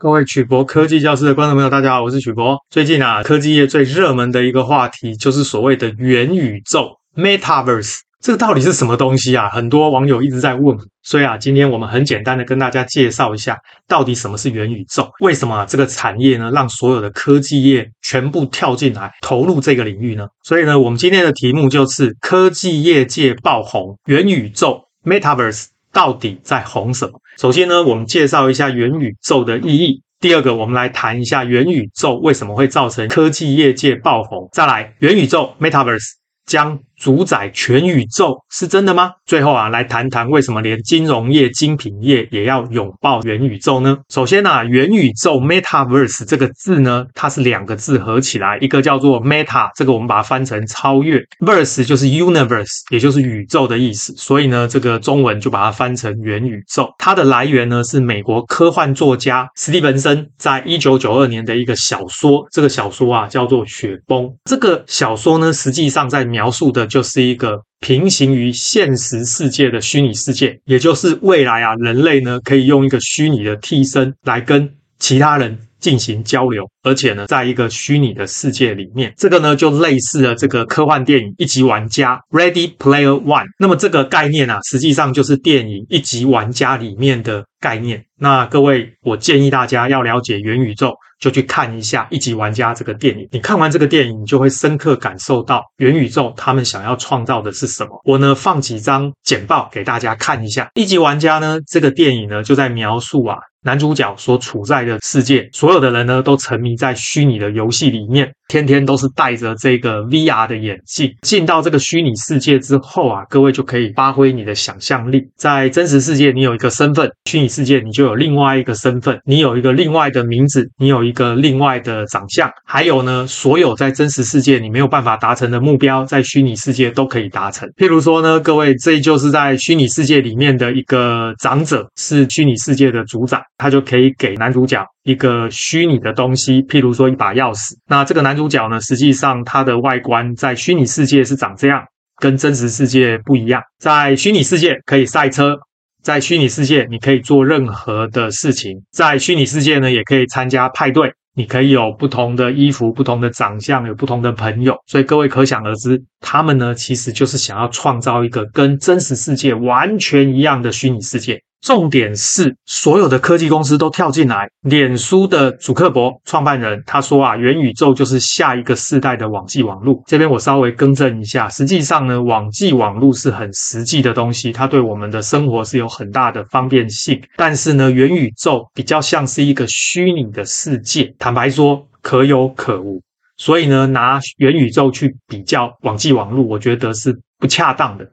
各位曲博科技教室的觀眾朋友，大家好，我是曲博。最近啊，科技業最熱門的一個話題就是所謂的元宇宙 （Metaverse）。這個到底是什麼東西啊？很多網友一直在問，所以啊，今天我們很簡單的跟大家介紹一下，到底什麼是元宇宙？為什麼啊，這個產業呢，讓所有的科技業全部跳進來投入這個領域呢？所以呢，我們今天的題目就是科技業界爆紅元宇宙 （Metaverse） 到底在紅什麼？首先呢，我們介紹一下元宇宙的意義。第二個，我們來談一下元宇宙為什麼會造成科技業界爆紅。再來，元宇宙 （Metaverse） 將。Met 主宰全宇宙是真的嗎？最後啊，來談談為什麼連金融業、精品業也要擁抱元宇宙呢？首先啊，元宇宙 （metaverse） 這個字呢，它是兩個字合起來，一個叫做 “meta”，這個我們把它翻成超越；“verse” 就是 universe，也就是宇宙的意思。所以呢，這個中文就把它翻成元宇宙。它的來源呢，是美國科幻作家史蒂文森在一九九二年的一個小說，這個小說啊叫做《雪崩》。這個小說呢，實際上在描述的。就是一個平行於現實世界的虛擬世界，也就是未來啊，人類呢可以用一個虛擬的替身來跟其他人進行交流，而且呢，在一個虛擬的世界裡面，這個呢就類似了這個科幻電影《一級玩家》（Ready Player One）。那麼這個概念啊，實際上就是電影《一級玩家》裡面的概念。那各位，我建議大家要了解元宇宙，就去看一下《一級玩家》這個電影。你看完這個電影，你就會深刻感受到元宇宙他們想要創造的是什麼。我呢放幾張簡報給大家看一下，《一級玩家》呢這個電影呢就在描述啊。男主角所處在的世界，所有的人呢都沉迷在虛擬的遊戲裡面，天天都是戴着這個 VR 的眼鏡，進到這個虛擬世界之後啊，各位就可以發揮你的想象力。在真實世界你有一個身份，虛擬世界你就有另外一個身份，你有一個另外的名字，你有一個另外的長相，還有呢，所有在真實世界你沒有辦法達成的目標，在虛擬世界都可以達成。譬如說呢，各位，這就是在虛擬世界裡面的一個長者，是虛擬世界的主宰。他就可以給男主角一個虛擬的東西，譬如說一把鑰匙。那這個男主角呢，實際上他的外觀在虛擬世界是長這樣，跟真實世界不一樣。在虛擬世界可以賽車，在虛擬世界你可以做任何的事情，在虛擬世界呢，也可以參加派對，你可以有不同的衣服、不同的長相、有不同的朋友。所以各位可想而知，他們呢，其實就是想要創造一個跟真實世界完全一樣的虛擬世界。重點是，所有的科技公司都跳進來。臉書的祖克伯創辦人他說啊，元宇宙就是下一個世代的網際網路。這邊我稍微更正一下，實際上呢，網際網路是很實際的東西，它對我們的生活是有很大的方便性。但是呢，元宇宙比較像是一個虛擬的世界，坦白說可有可無。所以呢，拿元宇宙去比較網際網路，我覺得是不恰當的。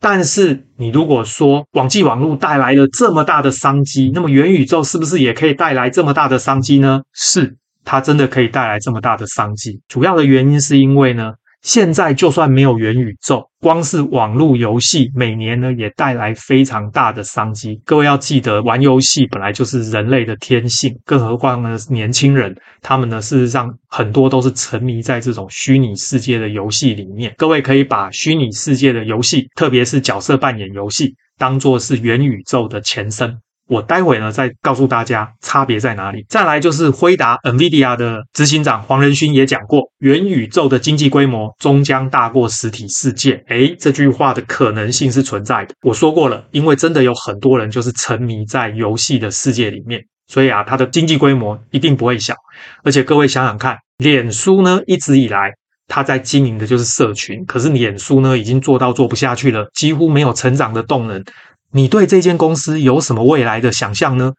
但是你如果說網際網路帶來了這麼大的商機，那麼元宇宙是不是也可以帶來這麼大的商機呢？是，它真的可以帶來這麼大的商機。主要的原因是因為呢。現在就算沒有元宇宙，光是網絡遊戲，每年呢也帶來非常大的商機。各位要記得，玩遊戲本來就是人類的天性，更何況呢，年輕人他們呢，事實上很多都是沉迷在這種虛擬世界的遊戲裡面。各位可以把虛擬世界的遊戲，特別是角色扮演遊戲，當做是元宇宙的前身。我待會呢再告訴大家差別在哪裡。再來就是輝達、NVIDIA 的執行長黃仁勳也講過，元宇宙的經濟規模終將大過實體世界。誒，這句話的可能性是存在的。我說過了，因為真的有很多人就是沉迷在遊戲的世界裡面，所以啊，它的經濟規模一定不會小。而且各位想想看，臉書呢一直以來它在經營的就是社群，可是臉書呢已經做到做不下去了，幾乎沒有成長的動能。你對這間公司有什麼未來的想象呢？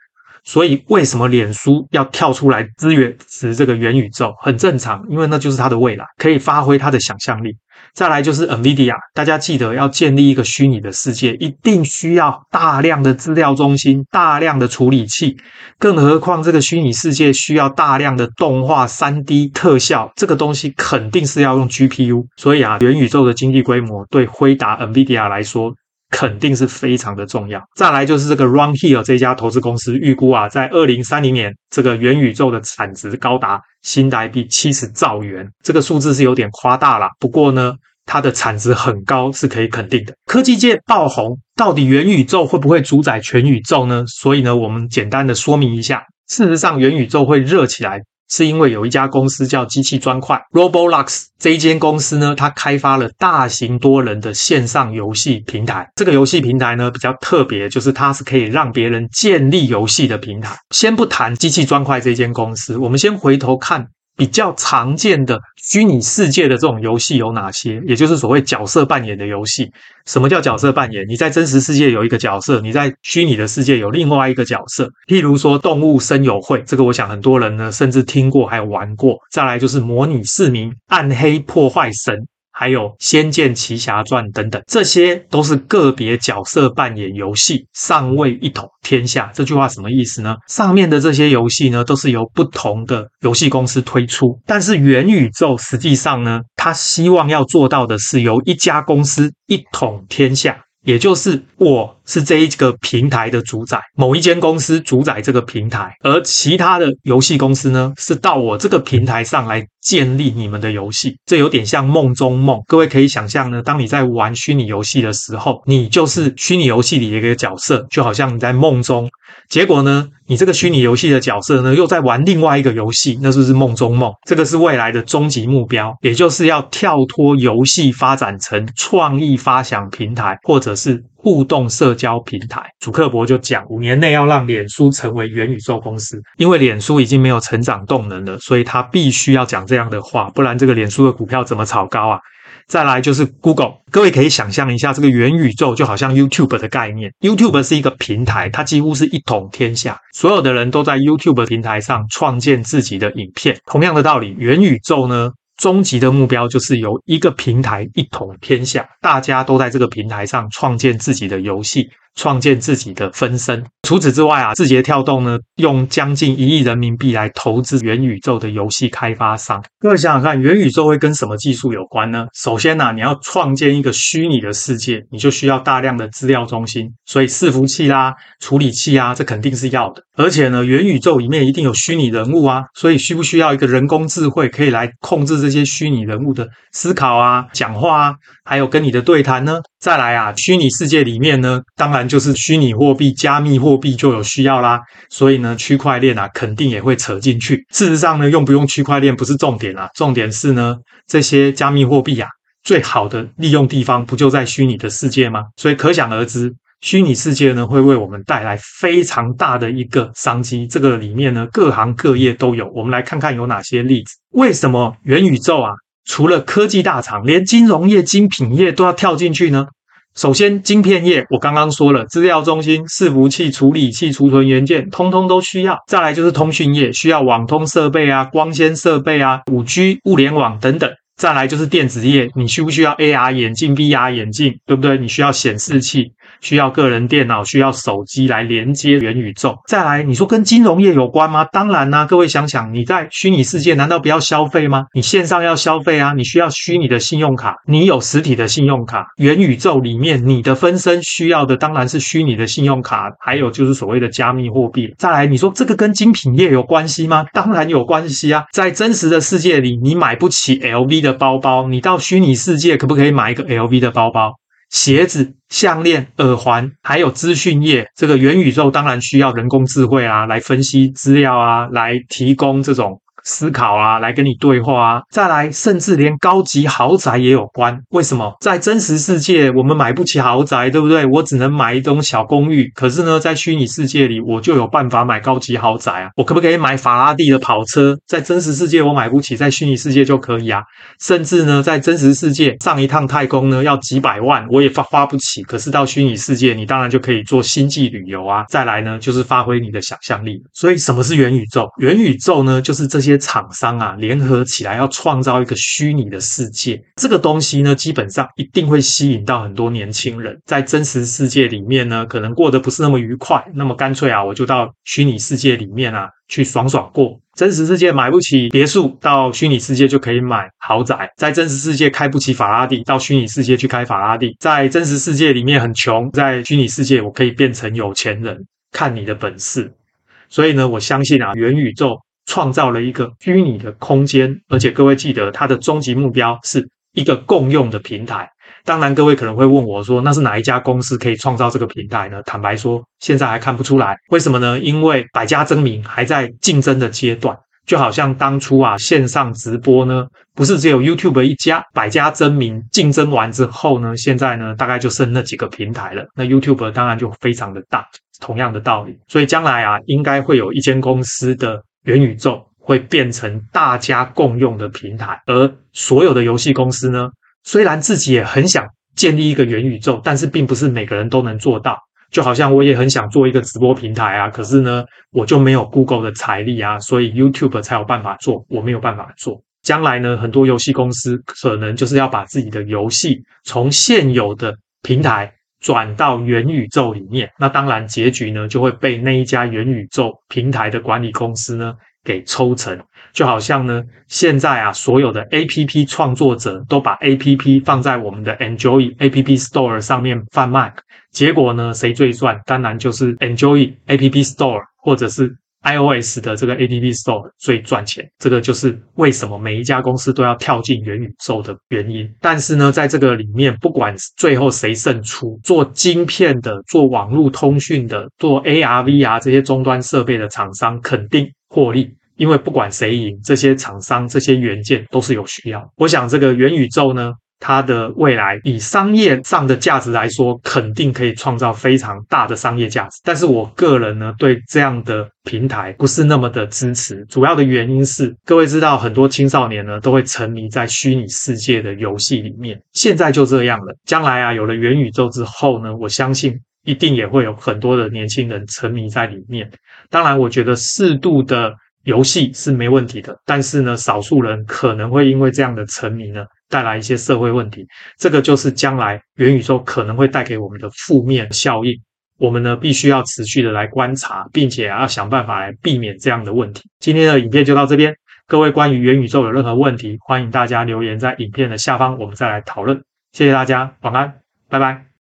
所以為什麼臉書要跳出來支援持這個元宇宙？很正常，因為那就是它的未來，可以發揮它的想象力。再來就是 NVIDIA，大家記得要建立一個虛擬的世界，一定需要大量的資料中心、大量的處理器，更何況這個虛擬世界需要大量的動畫、三 D 特效，這個東西肯定是要用 GPU。所以啊，元宇宙的經濟規模對輝達 NVIDIA 來說。肯定是非常的重要。再來就是這個 Run Here 這家投資公司預估啊，在二零三零年這個元宇宙的產值高達新台幣七十兆元，這個數字是有點誇大了。不過呢，它的產值很高是可以肯定的。科技界爆紅，到底元宇宙會不會主宰全宇宙呢？所以呢，我們簡單的說明一下，事實上元宇宙會熱起來。是因為有一家公司叫機器磚塊 （Roblox），這一間公司呢，它開發了大型多人的線上遊戲平台。這個遊戲平台呢，比較特別，就是它是可以讓別人建立遊戲的平台。先不談機器磚塊這一間公司，我們先回頭看。比較常見的虛擬世界的這種遊戲有哪些？也就是所謂角色扮演的遊戲。什麼叫角色扮演？你在真實世界有一個角色，你在虛擬的世界有另外一個角色。譬如說，動物森友會，這個我想很多人呢，甚至聽過還有玩過。再來就是模擬市民、暗黑破壞神。還有《仙劍奇俠傳》等等，這些都是個別角色扮演遊戲，尚未一統天下。這句話什麼意思呢？上面的這些遊戲呢，都是由不同的遊戲公司推出，但是元宇宙實際上呢，他希望要做到的是由一家公司一統天下。也就是我是這一個平台的主宰，某一間公司主宰這個平台，而其他的遊戲公司呢，是到我這個平台上來建立你們的遊戲。這有點像夢中夢，各位可以想象呢，當你在玩虛擬遊戲的時候，你就是虛擬遊戲裡的一個角色，就好像你在夢中。結果呢？你這個虛擬遊戲的角色呢，又在玩另外一個遊戲，那就是，是夢中夢。這個是未來的終極目標，也就是要跳脫遊戲，發展成創意發想平台，或者是互動社交平台。祖克伯就講，五年內要讓臉書成為元宇宙公司，因為臉書已經沒有成長動能了，所以他必須要講這樣的話，不然這個臉書的股票怎麼炒高啊？再來就是 Google，各位可以想象一下，這個元宇宙就好像 YouTube 的概念。YouTube 是一個平台，它幾乎是一統天下，所有的人都在 YouTube 平台上創建自己的影片。同樣的道理，元宇宙呢？終極的目標就是由一個平台一統天下，大家都在這個平台上創建自己的遊戲，創建自己的分身。除此之外啊，字節跳動呢用將近一億人民幣來投資元宇宙的遊戲開發商。各位想想看，元宇宙會跟什麼技術有關呢？首先呢、啊，你要創建一個虛擬的世界，你就需要大量的資料中心，所以伺服器啦、啊、處理器啊，這肯定是要的。而且呢，元宇宙裡面一定有虛擬人物啊，所以需不需要一個人工智慧可以來控制這？這些虛擬人物的思考啊、講話啊，還有跟你的對談呢。再來啊，虛擬世界裡面呢，當然就是虛擬貨幣、加密貨幣就有需要啦。所以呢，區塊鏈啊，肯定也會扯進去。事實上呢，用不用區塊鏈不是重點啊，重點是呢，這些加密貨幣啊，最好的利用地方不就在虛擬的世界嗎？所以可想而知。虛擬世界呢，會為我們帶來非常大的一個商機。這個裡面呢，各行各業都有。我們來看看有哪些例子。為什麼元宇宙啊，除了科技大廠，連金融業、精品業都要跳進去呢？首先，晶片業，我剛剛說了，資料中心、伺服器、處理器、儲存元件，通通都需要。再來就是通訊業，需要網通設備啊、光纖設備啊、5G、物聯網等等。再來就是電子業，你需不需要 AR 眼鏡、VR 眼鏡，對不對？你需要顯示器，需要個人電腦，需要手機來連接元宇宙。再來，你說跟金融業有關嗎？當然吶啊，各位想想，你在虛擬世界難道不要消費嗎？你線上要消費啊，你需要虛擬的信用卡，你有實體的信用卡，元宇宙裡面你的分身需要的當然是虛擬的信用卡，還有就是所謂的加密貨幣。再來，你說這個跟精品業有關係嗎？當然有關係啊，在真實的世界裡，你買不起 LV 的的包包，你到虛擬世界可不可以買一個 LV 的包包？鞋子、項鏈、耳環，還有資訊業，這個元宇宙當然需要人工智慧啊，來分析資料啊，來提供這種。思考啊，來跟你對話啊，再來，甚至連高級豪宅也有關。為什麼在真實世界我們買不起豪宅，對不對？我只能買一棟小公寓。可是呢，在虛擬世界裡我就有辦法買高級豪宅啊。我可不可以買法拉利的跑車？在真實世界我買不起，在虛擬世界就可以啊。甚至呢，在真實世界上一趟太空呢要幾百萬，我也發花不起。可是到虛擬世界，你當然就可以做星際旅遊啊。再來呢，就是發揮你的想象力。所以什麼是元宇宙？元宇宙呢，就是這些。些廠商啊，聯合起來要創造一個虛擬的世界，這個東西呢，基本上一定會吸引到很多年輕人。在真實世界裡面呢，可能過得不是那麼愉快，那麼乾脆啊，我就到虛擬世界裡面啊去爽爽過。真實世界買不起別墅，到虛擬世界就可以買豪宅；在真實世界開不起法拉利，到虛擬世界去開法拉利。在真實世界裡面很窮，在虛擬世界我可以變成有錢人，看你的本事。所以呢，我相信啊，元宇宙。創造了一個虛擬的空間，而且各位記得，它的終極目標是一個共用的平台。當然，各位可能會問我說：“那是哪一家公司可以創造這個平台呢？”坦白說，現在還看不出來。為什麼呢？因為百家爭鳴還在競爭的階段，就好像當初啊，線上直播呢，不是只有 YouTube 一家，百家爭鳴競爭完之後呢，現在呢，大概就剩那幾個平台了。那 YouTube 當然就非常的大，同樣的道理，所以將來啊，應該會有一間公司的。元宇宙會變成大家共用的平台，而所有的遊戲公司呢，雖然自己也很想建立一個元宇宙，但是並不是每個人都能做到。就好像我也很想做一個直播平台啊，可是呢，我就沒有 Google 的財力啊，所以 YouTube 才有辦法做，我沒有辦法做。將來呢，很多遊戲公司可能就是要把自己的遊戲從現有的平台，轉到元宇宙裡面，那當然結局呢，就會被那一家元宇宙平台的管理公司呢給抽成，就好像呢現在啊，所有的 A P P 創作者都把 A P P 放在我們的 Enjoy A P P Store 上面販賣，結果呢，誰最賺？當然就是 Enjoy A P P Store 或者是 iOS 的這個 App Store 最賺錢，這個就是為什麼每一家公司都要跳進元宇宙的原因。但是呢，在這個裡面，不管最後誰勝出，做晶片的、做網絡通訊的、做 AR、VR 這些終端設備的廠商肯定獲利，因為不管誰贏，這些廠商這些元件都是有需要。我想這個元宇宙呢。它的未來以商業上的價值來說，肯定可以創造非常大的商業價值。但是我個人呢，對這樣的平台不是那麼的支持。主要的原因是，各位知道，很多青少年呢都會沉迷在虛擬世界的遊戲裡面。現在就這樣了，將來啊，有了元宇宙之後呢，我相信一定也會有很多的年輕人沉迷在裡面。當然，我覺得適度的遊戲是沒問題的，但是呢，少數人可能會因為這樣的沉迷呢。帶來一些社會問題，這個就是將來元宇宙可能會帶給我們的負面效應。我們呢，必須要持續的來觀察，並且要想辦法來避免這樣的問題。今天的影片就到這邊，各位關於元宇宙有任何問題，歡迎大家留言在影片的下方，我們再來討論。謝謝大家，晚安，拜拜。